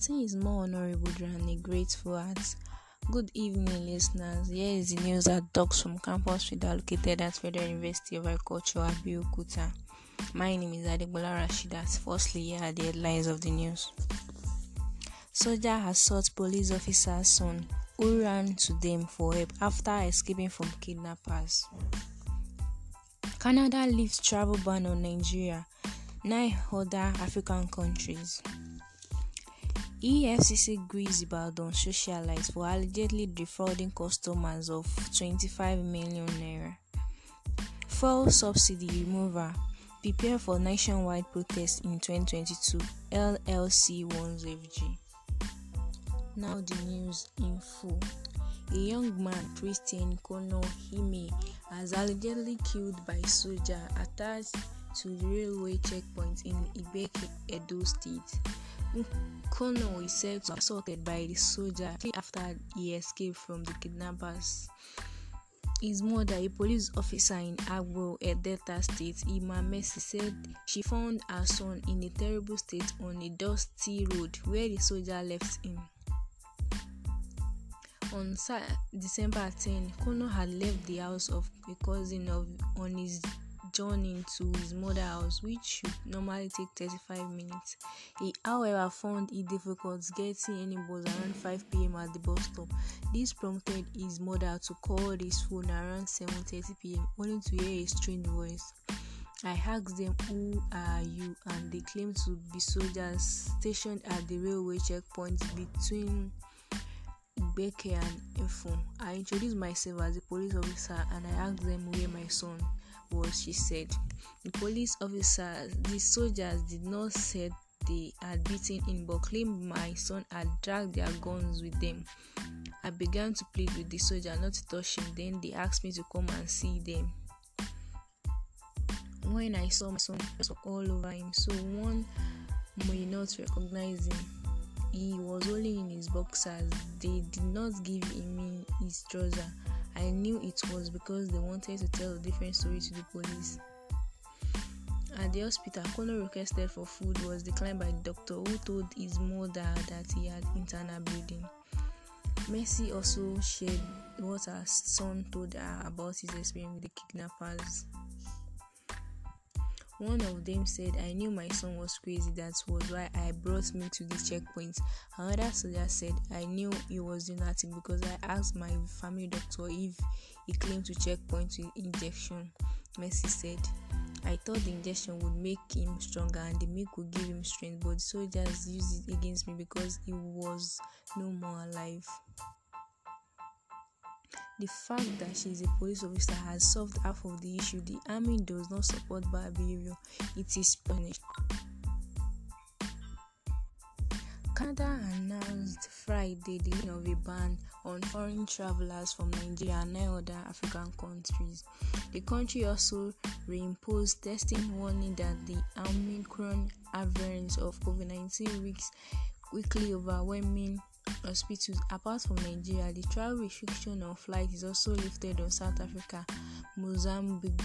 Nothing is more honorable than a grateful heart. Good evening, listeners. Here is the news that dogs from Campus were located at Federal University of Agriculture, Abeokuta. My name is Adebola Rashidas. Firstly, here are the headlines of the news. Soldier assaults police officer's son who ran to them for help after escaping from kidnappers. Canada lifts travel ban on Nigeria, nine other African countries. EFCC grills Ibadan socialites for allegedly defrauding customers of 25 million naira. Fuel subsidy remover. Prepare for nationwide protest in 2022. LLC 1 FG. Now the news in full. A young man, Christian Kono Hime, has allegedly killed by soldier attacked to the railway checkpoint in Ibeki, Edo State. Kono is said to be assaulted by the soldier after he escaped from the kidnappers. His mother, a police officer in Agbo, Delta State, Ima Mercy, said she found her son in a terrible state on a dusty road where the soldier left him. On December 10, Kono had left the house of a cousin of, on his John into his mother's house, which should normally take 35 minutes. He, however, found it difficult getting any bus around 5 pm at the bus stop. This prompted his mother to call his phone around 7:30 pm, only to hear a strange voice. I asked them, Who are you? and they claimed to be soldiers stationed at the railway checkpoint between Beke and Efon. I introduced myself as a police officer and I asked them where my son was she said. The police officers, the soldiers did not say they had beaten him but claimed my son had dragged their guns with them. I began to plead with the soldier not to touch him, then they asked me to come and see them. When I saw my son was all over him, so one may not recognize him. He was only in his boxers, they did not give him his trousers. I knew it was because they wanted to tell a different story to the police. At the hospital, Kono requested for food was declined by the doctor who told his mother that he had internal bleeding. Mercy also shared what her son told her about his experience with the kidnappers. One of them said, I knew my son was crazy, that was why I brought me to this checkpoint. Another soldier said, I knew he was doing nothing because I asked my family doctor if he claimed to checkpoint with injection. Mercy said, I thought the injection would make him stronger and the milk would give him strength, but the soldiers used it against me because he was no more alive. The fact that she is a police officer has solved half of the issue. The army does not support bad behavior, it is punished. Canada announced Friday the end of a ban on foreign travelers from Nigeria and nine other African countries. The country also reimposed testing warning that the Omicron variant of COVID-19 risks quickly overwhelming hospitals. Apart from Nigeria, the travel restriction on flights is also lifted on South Africa, Mozambique,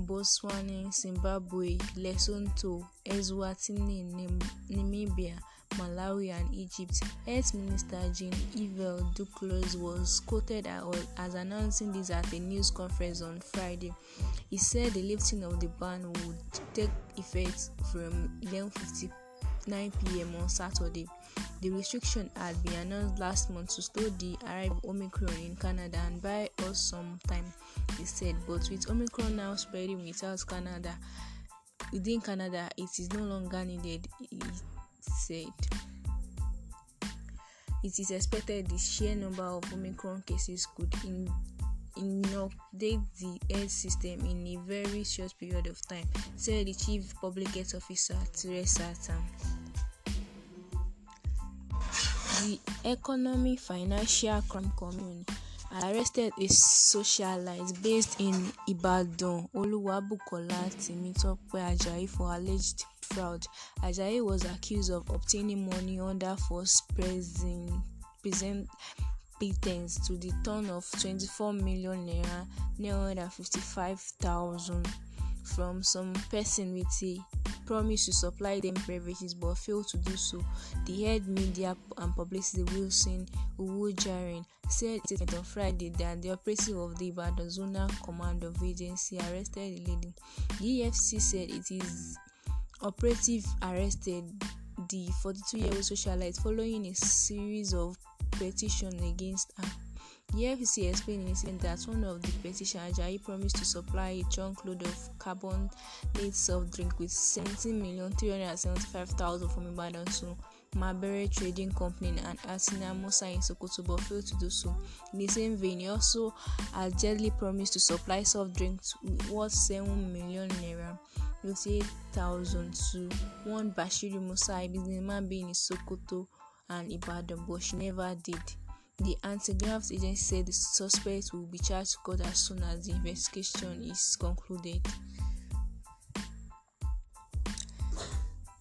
Botswana, Zimbabwe, Lesotho, Eswatini, Namibia, Malawi, and Egypt. Health Minister Jean yves Duclos was quoted as announcing this at a news conference on Friday. He said the lifting of the ban would take effect from 11:50 9 pm on Saturday. The restriction had been announced last month to slow the arrival of Omicron in Canada and buy us some time, he said. But with Omicron now spreading without Canada, within Canada, it is no longer needed, he said. It is expected the sheer number of Omicron cases could in inoculate the health system in a very short period of time, said the Chief Public Health Officer Teresa Tam. The Economic Financial Crime commune arrested a socialite based in Ibadan, Oluwabukola Timitope Ajayi for alleged fraud. Ajayi was accused of obtaining money under false present patents to the tune of 24 million naira 955,000 from some person with a promise to supply them beverages but failed to do so. The head media and publicity Wilson Uwujarin said on Friday that the operative of the Ibadan Zonal Command of Agency arrested the lady. The EFC said it is operative arrested the 42-year-old socialite following a series of petition against her. The FCC explained in a statement that one of the petitioners, Ajayi, promised to supply a chunk load of carbonate soft drink with 17,375,000 from Ibadan to Mabere Trading Company and Asina Musa in Sokoto, but failed to do so. In the same vein, he also allegedly promised to supply soft drinks worth 7 million naira. 58,000 to one Bashiru Musa, a businessman being in Sokoto. and Ibadan, but she never did. The anti graft agency said the suspect will be charged to court as soon as the investigation is concluded.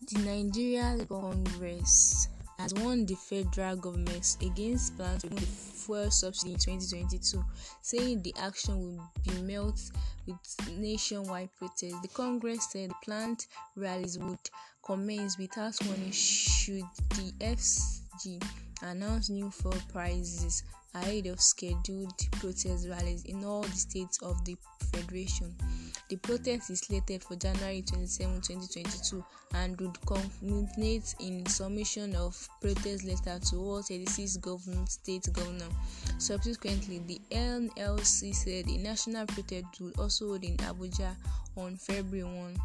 The Nigeria Congress has warned the federal government against plans to remove the fuel subsidy in 2022, saying the action would be met with nationwide protests. The Congress said the planned rallies would commence without warning should the FCC Announced new fuel prices ahead of scheduled protest rallies in all the states of the Federation. The protest is slated for January 27, 2022, and would culminate in submission of protest letter to all 36 government state governors. Subsequently, the NLC said a national protest will also hold in Abuja on February 1.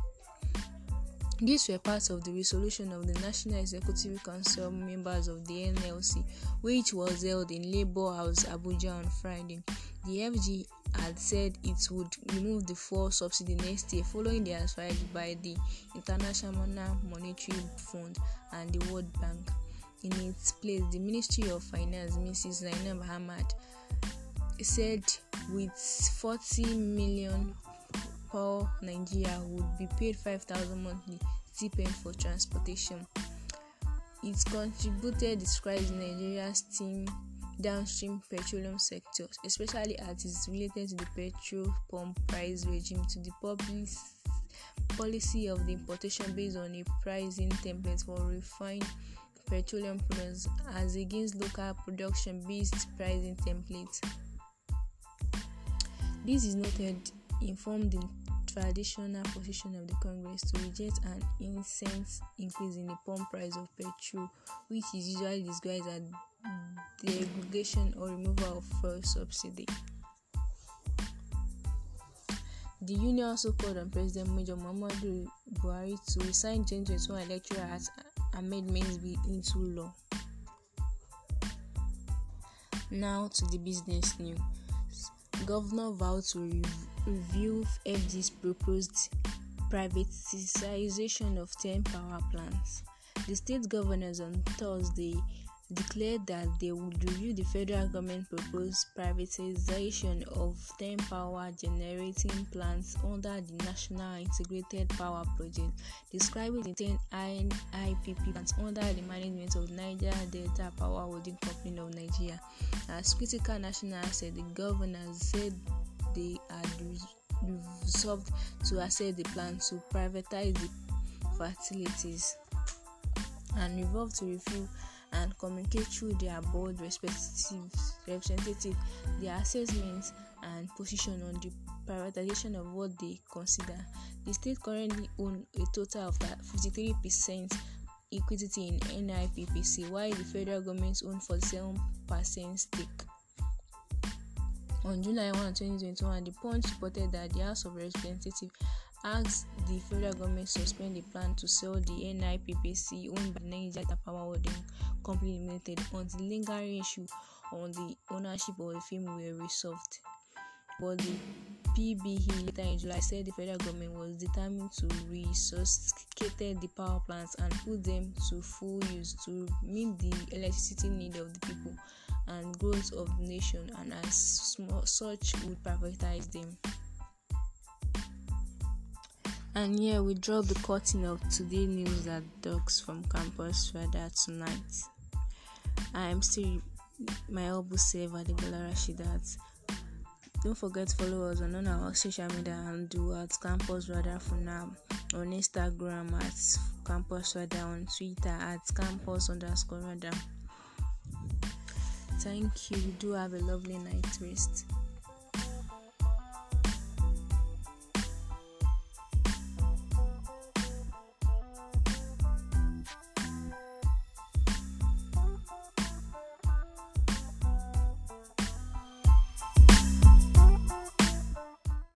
These were part of the resolution of the National Executive Council members of the NLC, which was held in Labour House, Abuja on Friday. The FG had said it would remove the four subsidy next year following the advice by the International Monetary Fund and the World Bank. In its place, the Ministry of Finance, Mrs. Zainab Ahmad, said with 40 million Nigeria would be paid 5,000 monthly stipend for transportation. It contributed describes Nigeria's team downstream petroleum sector, especially as it's related to the petrol pump price regime to the public policy of the importation based on a pricing template for refined petroleum products as against local production based pricing templates. This is noted informed in traditional position of the Congress to reject an incense increase in the pump price of petrol, which is usually disguised as derogation or removal of fuel subsidy. The union also called on President Major Muhammadu Buhari to resign 2021 Electoral Act amendments be into law. Now to the business news. Governor vowed to review FD's proposed privatization of 10 power plants. The state governors on Thursday declared that they would review the federal government proposed privatization of 10 power generating plants under the National Integrated Power Project, describing the 10 IPP plants under the management of Niger Delta Power Holding Company of Nigeria. As critical national asset, the governor said they had resolved to assess the plan to privatize the facilities and resolved to review and communicate through their board representatives, representative their assessments and position on the privatization of what they consider. The state currently owns a total of 53% equity in NIPPC, while the federal government owns 47% stake. On July 1, 2021, the point reported that the House of Representatives asked the federal government to suspend the plan to sell the NIPPC owned by Nigeria Power Holding Company Limited until lingering issue on the ownership of the firm were resolved. But the PBE later in July said the federal government was determined to resuscitate the power plants and put them to full use to meet the electricity need of the people and growth of the nation and as such would privatize them. And yeah, we drop the curtain of today news that dogs from campus further tonight. I am still my elbow saver at the Rashidat. Don't forget to follow us on all our social media and do at Campus Radar for now on Instagram at Campus Radar on Twitter at Campus underscore Radar. Thank you. Do have a lovely night rest.